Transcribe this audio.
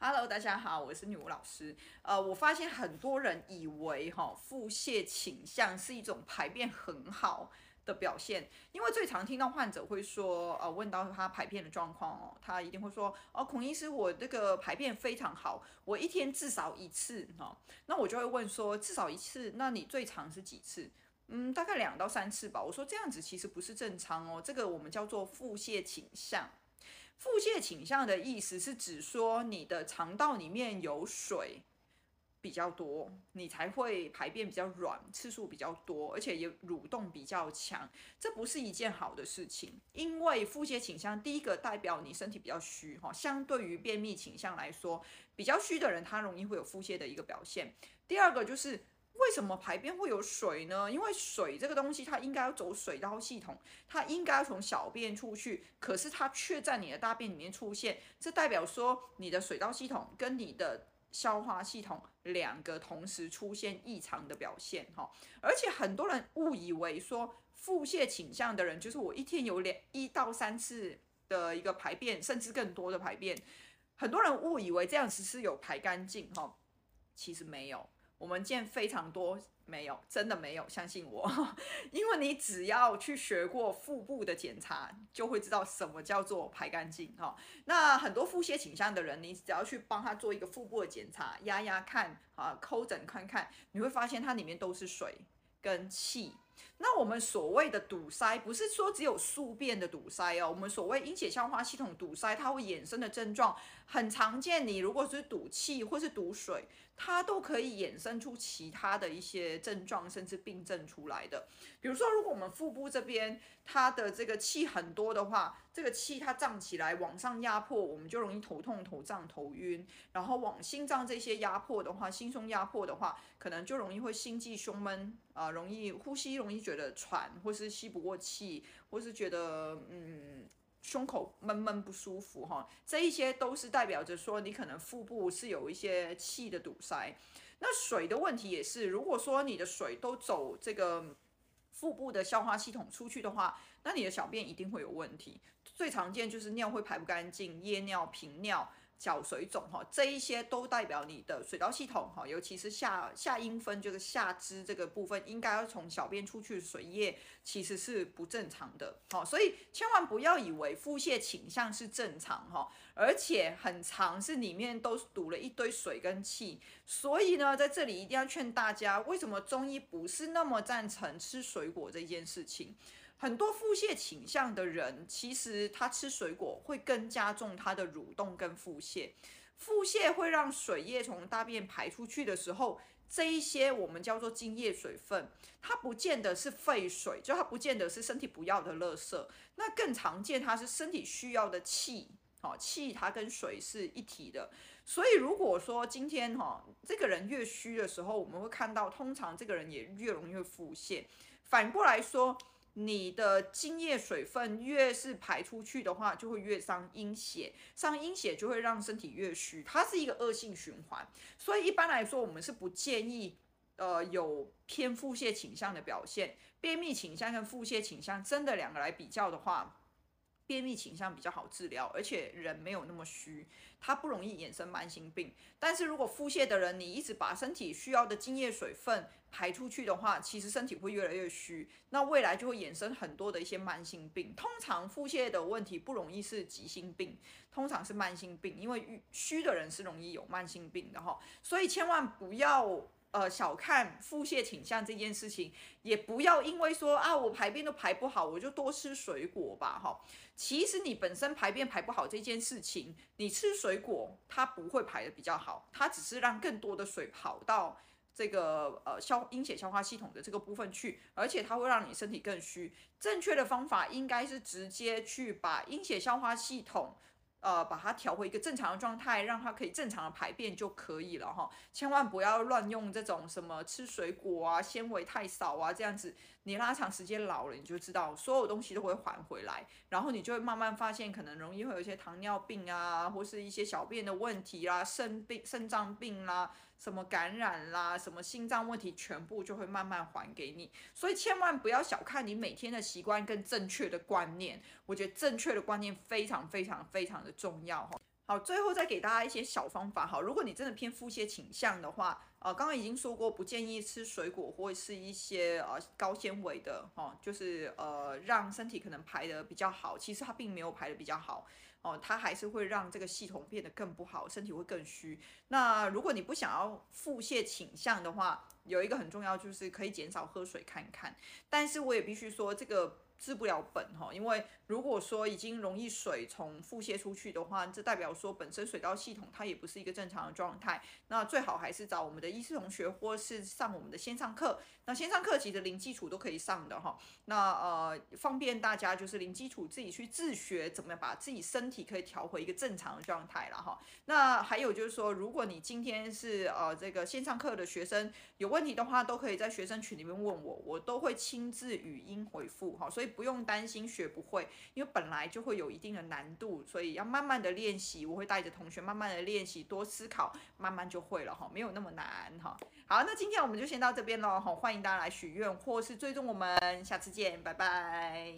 Hello，大家好，我是女巫老師。呃，我發現很多人以為哈、哦、腹瀉傾向是一種排便很好的表現，因為最常聽到患者會說，呃，問到他排便的狀況哦，他一定會說，哦，孔醫師，我這個排便非常好，我一天至少一次哈、哦。那我就會問說，至少一次，那你最長是幾次？嗯，大概兩到三次吧。我說這樣子其實不是正常哦，這個我們叫做腹瀉傾向。腹瀉傾向的意思是指說，你的腸道裡面有水比較多，你才會排便比較軟，次數比較多，而且也蠕動比較強。這不是一件好的事情，因為腹瀉傾向第一個代表你身體比較虛哈，相對於便秘傾向來說，比較虛的人他容易會有腹瀉的一個表現。第二個就是。為什麼排便會有水呢？因為水這個東西，它應該要走水道系統，它應該要從小便出去，可是它卻在你的大便裡面出現，這代表說你的水道系統跟你的消化系統兩個同時出現異常的表現，哈。而且很多人誤以為說腹瀉傾向的人，就是我一天有兩一到三次的一個排便，甚至更多的排便，很多人誤以為這樣子是有排乾淨，哈，其實沒有。我們見非常多沒有，真的沒有，相信我， 因為你只要去學過腹部的檢查，就會知道什麼叫做排乾淨哈、哦。那很多腹瀉傾向的人，你只要去幫他做一個腹部的檢查，壓壓看啊，叩診看看，你會發現它裡面都是水跟氣。那我們所謂的堵塞，不是說只有宿便的堵塞哦。我們所謂陰血消化系統堵塞，它會衍生的症狀很常見。你如果是堵氣或是堵水，它都可以衍生出其他的一些症狀，甚至病症出來的。比如說，如果我們腹部這邊它的這個氣很多的話，這個氣它脹起來往上壓迫，我們就容易頭痛、頭脹、頭暈。然後往心臟這些壓迫的話，心胸壓迫的話，可能就容易會心悸、胸悶啊，呃，容易呼吸容易覺得喘，或是吸不過氣，或是覺得嗯胸口悶悶不舒服哈，這一些都是代表着說你可能腹部是有一些氣的堵塞。那水的問題也是，如果說你的水都走這個腹部的消化系統出去的話，那你的小便一定會有問題。最常見就是尿會排不乾淨、夜尿、頻尿。小水腫哈，這一些都代表你的水道系統哈，尤其是下下陰分，就是下肢這個部分，應該要從小便出去水液其實是不正常的哈，所以千萬不要以為腹瀉傾向是正常哈，而且很常是裡面都是堵了一堆水跟氣，所以呢，在這裡一定要勸大家，為什麼中醫不是那麼贊成吃水果這件事情？很多腹瀉傾向的人，其實他吃水果會更加重他的蠕動跟腹瀉。腹瀉會讓水液從大便排出去的時候，這一些我們叫做津液水分，它不見得是廢水，就它不見得是身體不要的垃圾。那更常見，它是身體需要的氣。好，氣它跟水是一體的。所以如果說今天哈這個人越虛的時候，我們會看到，通常這個人也越容易會腹瀉。反過來說。你的津液水分越是排出去的話，就會越傷陰血，傷陰血就會讓身體越虛，它是一個惡性循環。所以一般來說，我們是不建議，呃，有偏腹瀉傾向的表現，便秘傾向跟腹瀉傾向，真的兩個來比較的話。便秘傾向比較好治療，而且人沒有那麼虛，它不容易衍生慢性病。但是如果腹瀉的人，你一直把身體需要的津液水分排出去的話，其實身體會越來越虛，那未來就會衍生很多的一些慢性病。通常腹瀉的問題不容易是急性病，通常是慢性病，因為虛的人是容易有慢性病的哈，所以千萬不要。呃，小看腹瀉傾向這件事情，也不要因為說啊，我排便都排不好，我就多吃水果吧，哈、哦。其實你本身排便排不好這件事情，你吃水果它不會排得比較好，它只是讓更多的水跑到這個呃消陰血消化系統的這個部分去，而且它會讓你身體更虛。正確的方法應該是直接去把陰血消化系統。呃，把它調回一個正常的狀態，讓它可以正常的排便就可以了哈，千萬不要亂用這種什麼吃水果啊，纖維太少啊，這樣子。你拉長時間老了，你就知道所有東西都會還回來，然後你就會慢慢發現，可能容易會有一些糖尿病啊，或是一些小便的問題啦、啊，腎病、腎臟病啦、啊，什麼感染啦、啊，什麼心臟問題，全部就會慢慢還給你。所以千萬不要小看你每天的習慣跟正確的觀念，我覺得正確的觀念非常非常非常的重要哈。好，最後再給大家一些小方法哈，如果你真的偏腹瀉傾向的話。呃，剛剛已經說過，不建議吃水果或是一些呃高纖維的哦，就是呃讓身體可能排得比較好。其實它並沒有排得比較好，哦，它還是會讓這個系統變得更不好，身體會更虛。那如果你不想要腹瀉傾向的話，有一個很重要就是可以減少喝水看看。但是我也必須說，這個治不了本哈、哦，因為如果說已經容易水從腹瀉出去的話，這代表說本身水道系統它也不是一個正常的狀態。那最好還是找我們的。醫師同學或是上我們的線上課，那線上課其實的零基礎都可以上的哈。那呃，方便大家就是零基礎自己去自學，怎麼樣把自己身體可以調回一個正常的狀態了哈。那還有就是說，如果你今天是呃這個線上課的學生，有問題的話，都可以在學生群裡面問我，我都會親自語音回復哈。所以不用擔心學不會，因為本來就會有一定的難度，所以要慢慢的練習。我會帶着同學慢慢的練習，多思考，慢慢就會了哈，沒有那麼難。好，好，那今天我們就先到這邊咯。好，歡迎大家來許願，或是追蹤我們，下次見，拜拜。